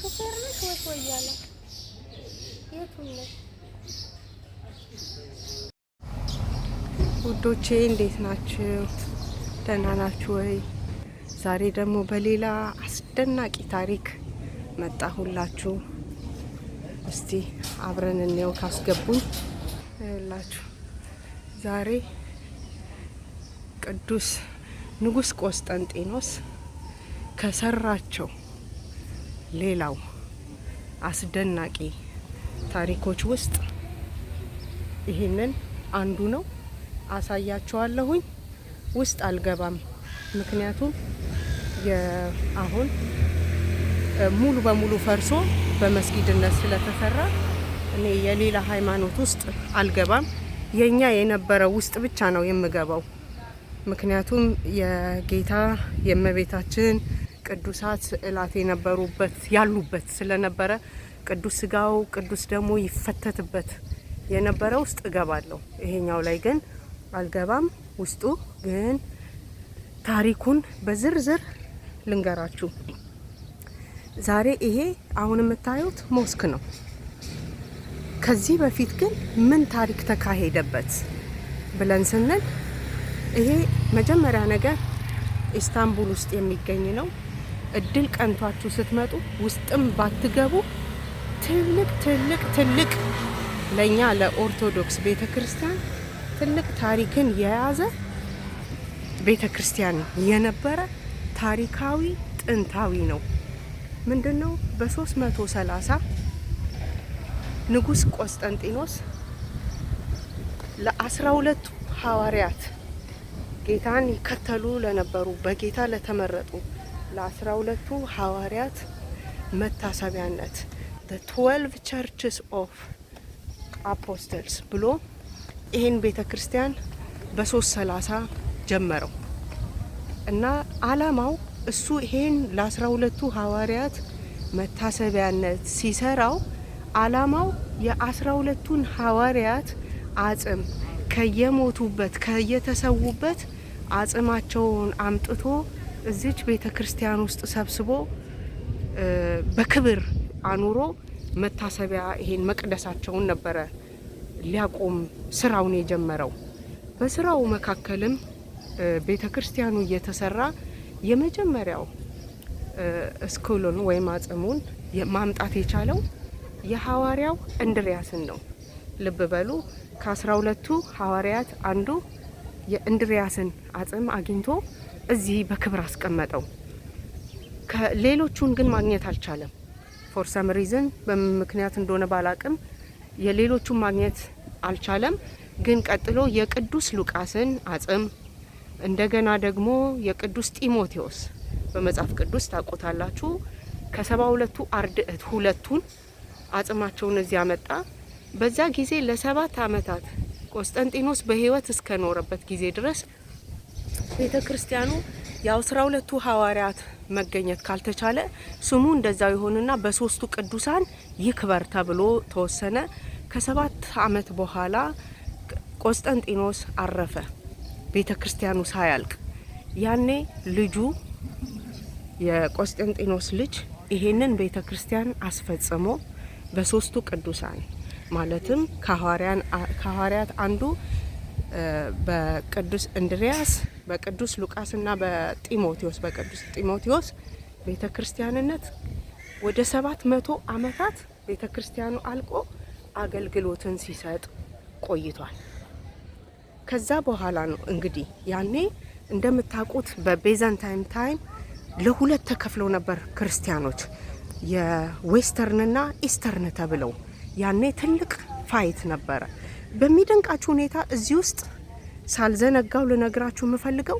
ሹፌር ነሽ ወይስ ወያላ የቱን ነሽ? ውዶቼ እንዴት ናችሁ? ደህና ናችሁ ወይ? ዛሬ ደግሞ በሌላ አስደናቂ ታሪክ መጣሁላችሁ። እስቲ አብረን እንየው ካስገቡኝ እላችሁ ዛሬ ቅዱስ ንጉስ ቆስጠንጢኖስ ከሰራቸው ሌላው አስደናቂ ታሪኮች ውስጥ ይህንን አንዱ ነው። አሳያችኋለሁኝ። ውስጥ አልገባም፣ ምክንያቱም አሁን ሙሉ በሙሉ ፈርሶ በመስጊድነት ስለተሰራ እኔ የሌላ ሃይማኖት ውስጥ አልገባም። የኛ የነበረ ውስጥ ብቻ ነው የምገባው። ምክንያቱም የጌታ የእመቤታችን ቅዱሳት ስዕላት የነበሩበት ያሉበት ስለነበረ ቅዱስ ስጋው ቅዱስ ደግሞ ይፈተትበት የነበረ ውስጥ እገባለሁ። ይሄኛው ላይ ግን አልገባም። ውስጡ ግን ታሪኩን በዝርዝር ልንገራችሁ። ዛሬ ይሄ አሁን የምታዩት ሞስክ ነው። ከዚህ በፊት ግን ምን ታሪክ ተካሄደበት ብለን ስንል ይሄ መጀመሪያ ነገር ኢስታንቡል ውስጥ የሚገኝ ነው። እድል ቀንቷችሁ ስትመጡ ውስጥም ባትገቡ ትልቅ ትልቅ ትልቅ ለእኛ ለኦርቶዶክስ ቤተ ክርስቲያን ትልቅ ታሪክን የያዘ ቤተ ክርስቲያን የነበረ ታሪካዊ ጥንታዊ ነው። ምንድን ነው በ330 ንጉስ ቆስጠንጢኖስ ለአስራ ሁለቱ ሐዋርያት ጌታን ይከተሉ ለነበሩ በጌታ ለተመረጡ ለአስራ ሁለቱ ሐዋርያት መታሰቢያነት ትወልቭ ቸርችስ ኦፍ አፖስተልስ ብሎ ይህን ቤተ ክርስቲያን በሶስት ሰላሳ ጀመረው እና አላማው እሱ ይሄን ለአስራ ሁለቱ ሐዋርያት መታሰቢያነት ሲሰራው አላማው የአስራ ሁለቱን ሐዋርያት አጽም ከየሞቱበት ከየተሰዉበት አጽማቸውን አምጥቶ እዚች ቤተ ክርስቲያን ውስጥ ሰብስቦ በክብር አኑሮ መታሰቢያ ይሄን መቅደሳቸውን ነበረ ሊያቆም ስራውን የጀመረው። በስራው መካከልም ቤተ ክርስቲያኑ እየተሰራ የመጀመሪያው እስኩሉን ወይም አጽሙን ማምጣት የቻለው የሐዋርያው እንድሪያስን ነው። ልብ በሉ ከአስራ ሁለቱ ሐዋርያት አንዱ የእንድሪያስን አጽም አግኝቶ እዚህ በክብር አስቀመጠው። ከሌሎቹን ግን ማግኘት አልቻለም። ፎር ሰም ሪዝን በምን ምክንያት እንደሆነ ባላቅም የሌሎቹን ማግኘት አልቻለም። ግን ቀጥሎ የቅዱስ ሉቃስን አጽም እንደገና ደግሞ የቅዱስ ጢሞቴዎስ በመጽሐፍ ቅዱስ ታውቁታላችሁ ከሰባ ሁለቱ አርድእት ሁለቱን አጽማቸውን እዚያ መጣ። በዛ ጊዜ ለሰባት አመታት ቆስጠንጢኖስ በህይወት እስከኖረበት ጊዜ ድረስ ቤተ ክርስቲያኑ ያው ሁለቱ ሐዋርያት መገኘት ካልተቻለ ስሙ እንደዛው ይሆንና በሶስቱ ቅዱሳን ይክበር ተብሎ ተወሰነ። ከሰባት አመት በኋላ ቆስጠንጢኖስ አረፈ፣ ቤተ ክርስቲያኑ ሳያልቅ። ያኔ ልጁ የቆስጠንጢኖስ ልጅ ይሄንን ቤተ ክርስቲያን አስፈጽሞ በሶስቱ ቅዱሳን ማለትም ከሐዋርያት አንዱ በቅዱስ እንድሪያስ በቅዱስ ሉቃስና በጢሞቴዎስ በቅዱስ ጢሞቴዎስ ቤተ ክርስቲያንነት ወደ ሰባት መቶ ዓመታት ቤተ ክርስቲያኑ አልቆ አገልግሎትን ሲሰጥ ቆይቷል። ከዛ በኋላ ነው እንግዲህ ያኔ እንደምታውቁት በቤዛንታይም ታይም ለሁለት ተከፍለው ነበር ክርስቲያኖች የዌስተርንና ኢስተርን ተብለው ያኔ ትልቅ ፋይት ነበረ። በሚደንቃችሁ ሁኔታ እዚህ ውስጥ ሳልዘነጋው ልነግራችሁ የምፈልገው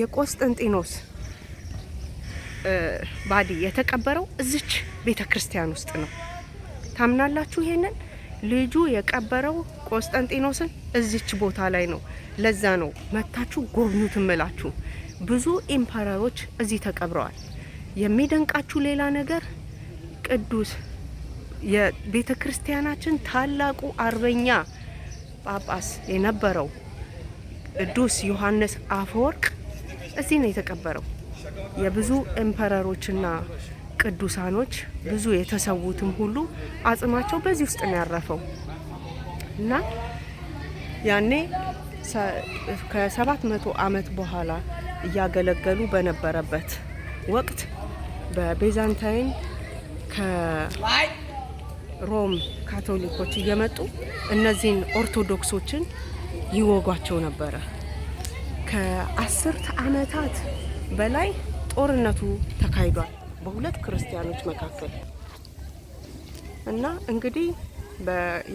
የቆስጠንጢኖስ ባዲ የተቀበረው እዚች ቤተ ክርስቲያን ውስጥ ነው። ታምናላችሁ? ይሄንን ልጁ የቀበረው ቆስጠንጢኖስን እዚች ቦታ ላይ ነው። ለዛ ነው መታችሁ ጎብኙት እምላችሁ። ብዙ ኢምፐረሮች እዚህ ተቀብረዋል። የሚደንቃችሁ ሌላ ነገር ቅዱስ የቤተ ክርስቲያናችን ታላቁ አርበኛ ጳጳስ የነበረው ቅዱስ ዮሐንስ አፈወርቅ እዚህ ነው የተቀበረው። የብዙ ኢምፐረሮችና ቅዱሳኖች ብዙ የተሰዉትም ሁሉ አጽማቸው በዚህ ውስጥ ነው ያረፈው እና ያኔ ከሰባት መቶ ዓመት በኋላ እያገለገሉ በነበረበት ወቅት በቤዛንታይን ከ ሮም ካቶሊኮች እየመጡ እነዚህን ኦርቶዶክሶችን ይወጓቸው ነበረ። ከአስርተ ዓመታት በላይ ጦርነቱ ተካሂዷል በሁለት ክርስቲያኖች መካከል እና እንግዲህ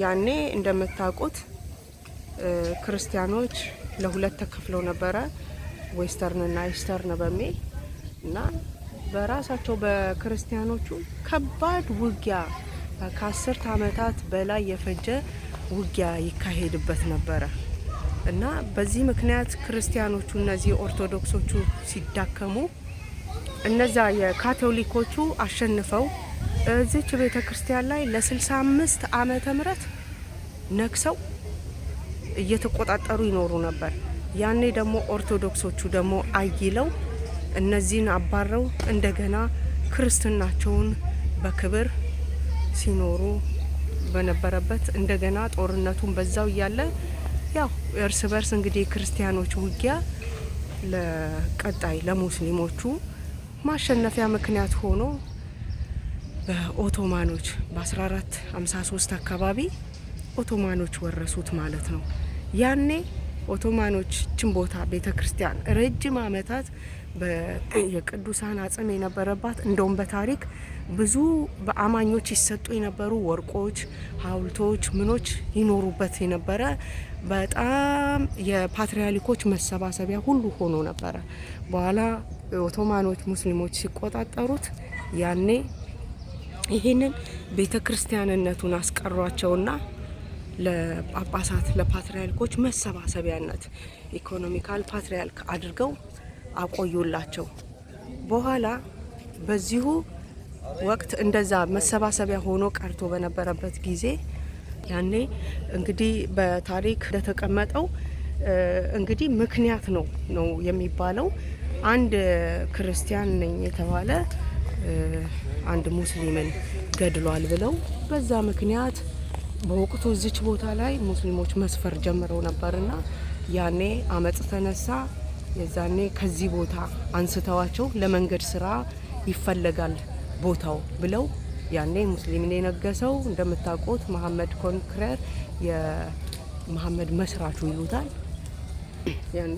ያኔ እንደምታውቁት ክርስቲያኖች ለሁለት ተከፍለው ነበረ ዌስተርን እና ኢስተርን በሚል እና በራሳቸው በክርስቲያኖቹ ከባድ ውጊያ ከአስርት ዓመታት በላይ የፈጀ ውጊያ ይካሄድበት ነበረ እና በዚህ ምክንያት ክርስቲያኖቹ እነዚህ ኦርቶዶክሶቹ ሲዳከሙ እነዛ የካቶሊኮቹ አሸንፈው እዚች ቤተ ክርስቲያን ላይ ለ65 ዓመተ ምህረት ነክሰው እየተቆጣጠሩ ይኖሩ ነበር። ያኔ ደግሞ ኦርቶዶክሶቹ ደግሞ አይለው እነዚህን አባረው እንደገና ክርስትናቸውን በክብር ሲኖሩ በነበረበት እንደገና ጦርነቱን በዛው እያለ ያው እርስ በርስ እንግዲህ የክርስቲያኖች ውጊያ ለቀጣይ ለሙስሊሞቹ ማሸነፊያ ምክንያት ሆኖ በኦቶማኖች በ1453 አካባቢ ኦቶማኖች ወረሱት ማለት ነው። ያኔ ኦቶማኖችችን ቦታ ቤተ ክርስቲያን ረጅም ዓመታት የቅዱሳን አጽም የነበረባት እንደውም በታሪክ ብዙ በአማኞች ይሰጡ የነበሩ ወርቆች፣ ሐውልቶች፣ ምኖች ይኖሩበት የነበረ በጣም የፓትርያርኮች መሰባሰቢያ ሁሉ ሆኖ ነበረ። በኋላ ኦቶማኖች ሙስሊሞች ሲቆጣጠሩት ያኔ ይህንን ቤተ ክርስቲያንነቱን አስቀሯቸውና ለጳጳሳት ለፓትርያርኮች መሰባሰቢያነት ኢኮኖሚካል ፓትርያርክ አድርገው አቆዩላቸው። በኋላ በዚሁ ወቅት እንደዛ መሰባሰቢያ ሆኖ ቀርቶ በነበረበት ጊዜ ያኔ እንግዲህ በታሪክ እንደተቀመጠው እንግዲህ ምክንያት ነው ነው የሚባለው። አንድ ክርስቲያን ነኝ የተባለ አንድ ሙስሊምን ገድሏል ብለው በዛ ምክንያት በወቅቱ እዚች ቦታ ላይ ሙስሊሞች መስፈር ጀምረው ነበርና ያኔ አመፅ ተነሳ። የዛኔ ከዚህ ቦታ አንስተዋቸው ለመንገድ ስራ ይፈለጋል ቦታው ብለው ያኔ ሙስሊምን የነገሰው እንደምታውቁት መሀመድ ኮንክረር የመሀመድ መስራቹ ይሉታል። ያኔ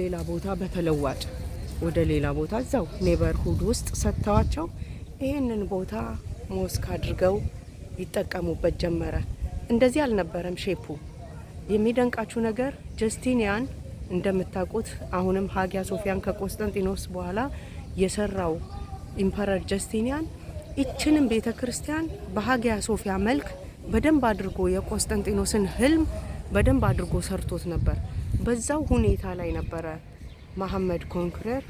ሌላ ቦታ በተለዋጭ ወደ ሌላ ቦታ እዛው ኔበርሁድ ውስጥ ሰጥተዋቸው ይህንን ቦታ ሞስክ አድርገው ይጠቀሙበት ጀመረ። እንደዚህ አልነበረም ሼፑ። የሚደንቃችሁ ነገር ጀስቲኒያን እንደምታውቁት አሁንም ሀጊያ ሶፊያን ከቆስጠንጢኖስ በኋላ የሰራው ኢምፐረር ጀስቲኒያን ይችንም ቤተ ክርስቲያን በሀጊያ ሶፊያ መልክ በደንብ አድርጎ የቆስጠንጢኖስን ህልም በደንብ አድርጎ ሰርቶት ነበር። በዛው ሁኔታ ላይ ነበረ መሐመድ ኮንክሬር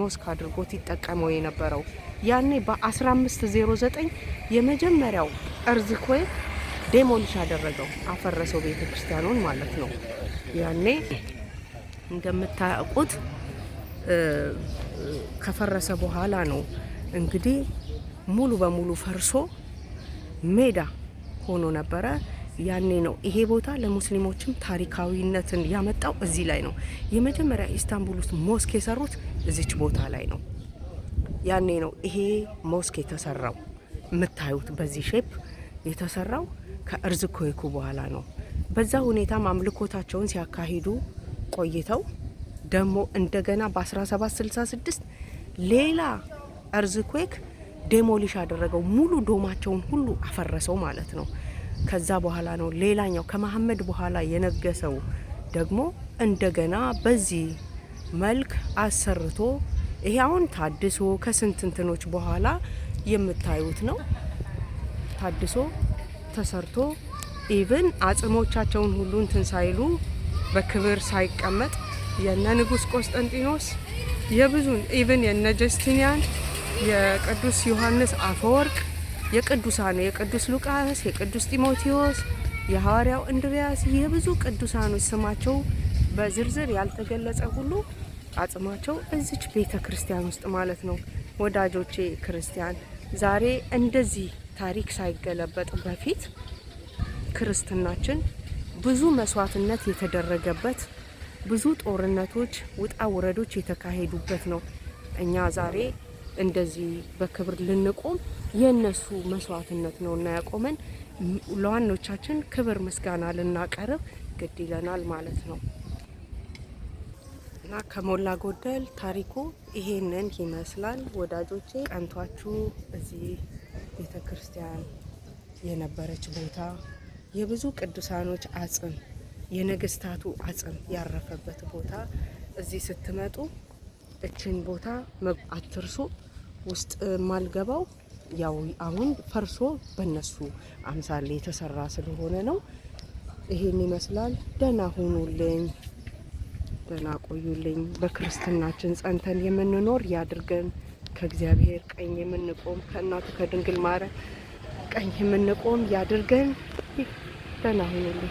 ሞስክ አድርጎት ይጠቀመው የነበረው። ያኔ በ1509 የመጀመሪያው እርዝኩዌክ ዴሞሊሽ አደረገው፣ አፈረሰው ቤተ ክርስቲያኑን ማለት ነው። ያኔ እንደምታውቁት ከፈረሰ በኋላ ነው እንግዲህ ሙሉ በሙሉ ፈርሶ ሜዳ ሆኖ ነበረ። ያኔ ነው ይሄ ቦታ ለሙስሊሞችም ታሪካዊነትን ያመጣው እዚህ ላይ ነው። የመጀመሪያ ኢስታንቡል ውስጥ ሞስክ የሰሩት እዚች ቦታ ላይ ነው። ያኔ ነው ይሄ ሞስክ የተሰራው የምታዩት በዚህ ሼፕ የተሰራው ከእርዝ ኮይኩ በኋላ ነው። በዛ ሁኔታም አምልኮታቸውን ሲያካሂዱ ቆይተው ደግሞ እንደገና በ1766 ሌላ እርዝ ኮይክ ዴሞሊሽ አደረገው። ሙሉ ዶማቸውን ሁሉ አፈረሰው ማለት ነው። ከዛ በኋላ ነው ሌላኛው ከመሐመድ በኋላ የነገሰው ደግሞ እንደገና በዚህ መልክ አሰርቶ ይሄ አሁን ታድሶ ከስንት እንትኖች በኋላ የምታዩት ነው። ታድሶ ተሰርቶ ኢብን አጽሞቻቸውን ሁሉን ሳይሉ በክብር ሳይቀመጥ የነ ንጉስ ቆስጠንጢኖስ የብዙን ኢቭን የነ ጀስቲኒያን የቅዱስ ዮሐንስ አፈወርቅ የቅዱሳን የቅዱስ ሉቃስ የቅዱስ ጢሞቴዎስ የሐዋርያው እንድሪያስ የብዙ ቅዱሳኖች ስማቸው በዝርዝር ያልተገለጸ ሁሉ አጽማቸው እዚች ቤተ ክርስቲያን ውስጥ ማለት ነው። ወዳጆቼ ክርስቲያን ዛሬ እንደዚህ ታሪክ ሳይገለበጥ በፊት ክርስትናችን ብዙ መስዋዕትነት የተደረገበት ብዙ ጦርነቶች፣ ውጣ ውረዶች የተካሄዱበት ነው። እኛ ዛሬ እንደዚህ በክብር ልንቆም የእነሱ መስዋዕትነት ነው እና ያቆመን ለዋኖቻችን ክብር ምስጋና ልናቀርብ ግድ ይለናል ማለት ነው እና ከሞላ ጎደል ታሪኩ ይሄንን ይመስላል። ወዳጆቼ ቀንቷችሁ እዚህ ቤተ ክርስቲያን የነበረች ቦታ የብዙ ቅዱሳኖች አጽም የነገስታቱ አጽም ያረፈበት ቦታ እዚህ ስትመጡ እችን ቦታ አትርሱ። ውስጥ ማልገባው ያው አሁን ፈርሶ በነሱ አምሳል የተሰራ ስለሆነ ነው። ይሄን ይመስላል። ደህና ሁኑልኝ፣ ደህና ቆዩልኝ። በክርስትናችን ጸንተን የምንኖር ያድርገን። ከእግዚአብሔር ቀኝ የምንቆም ከእናቱ ከድንግል ማርያም ቀኝ የምንቆም ያድርገን። ደህና ሁኑልኝ።